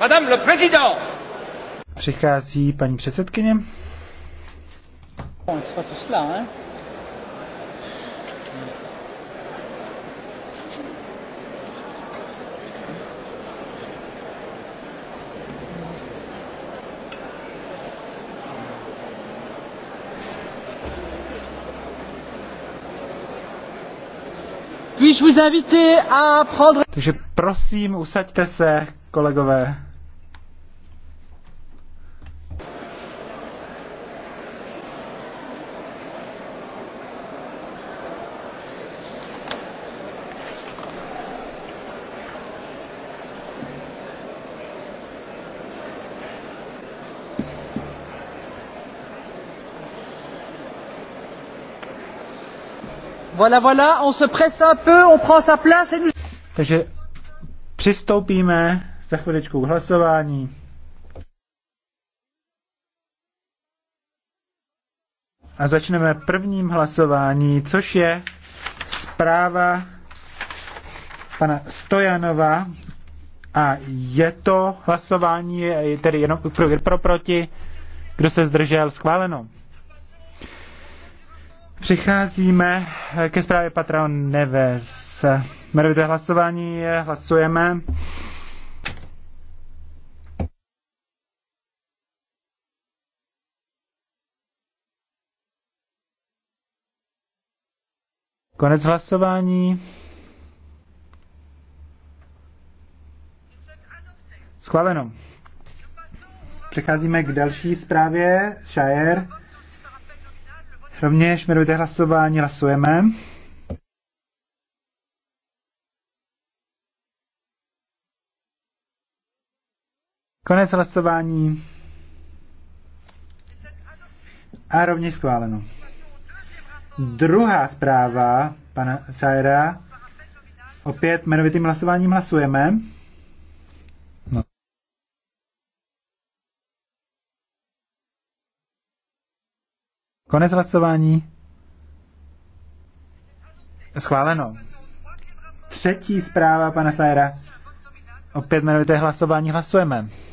Madame le président. Přichází paní předsedkyně. Takže prosím, usaďte se, kolegové. Voilà, voilà, on se presse un peu, on prend sa place et nous... Takže přistoupíme za chvíličku k hlasování. A začneme prvním hlasování, což je zpráva pana Stojanova. A je to hlasování, tedy jenom pro, pro proti, kdo se zdržel, schváleno. Přicházíme ke zprávě Patron Neves. Mervité hlasování hlasujeme. Konec hlasování. Schváleno. Přecházíme k další zprávě. Šajer. Rovněž dojde hlasování, hlasujeme. Konec hlasování. A rovněž schváleno. Druhá zpráva pana Sajra. Opět jmenovitým hlasováním hlasujeme. Konec hlasování. Schváleno. Třetí zpráva pana Sajera. Opět pět hlasování hlasujeme.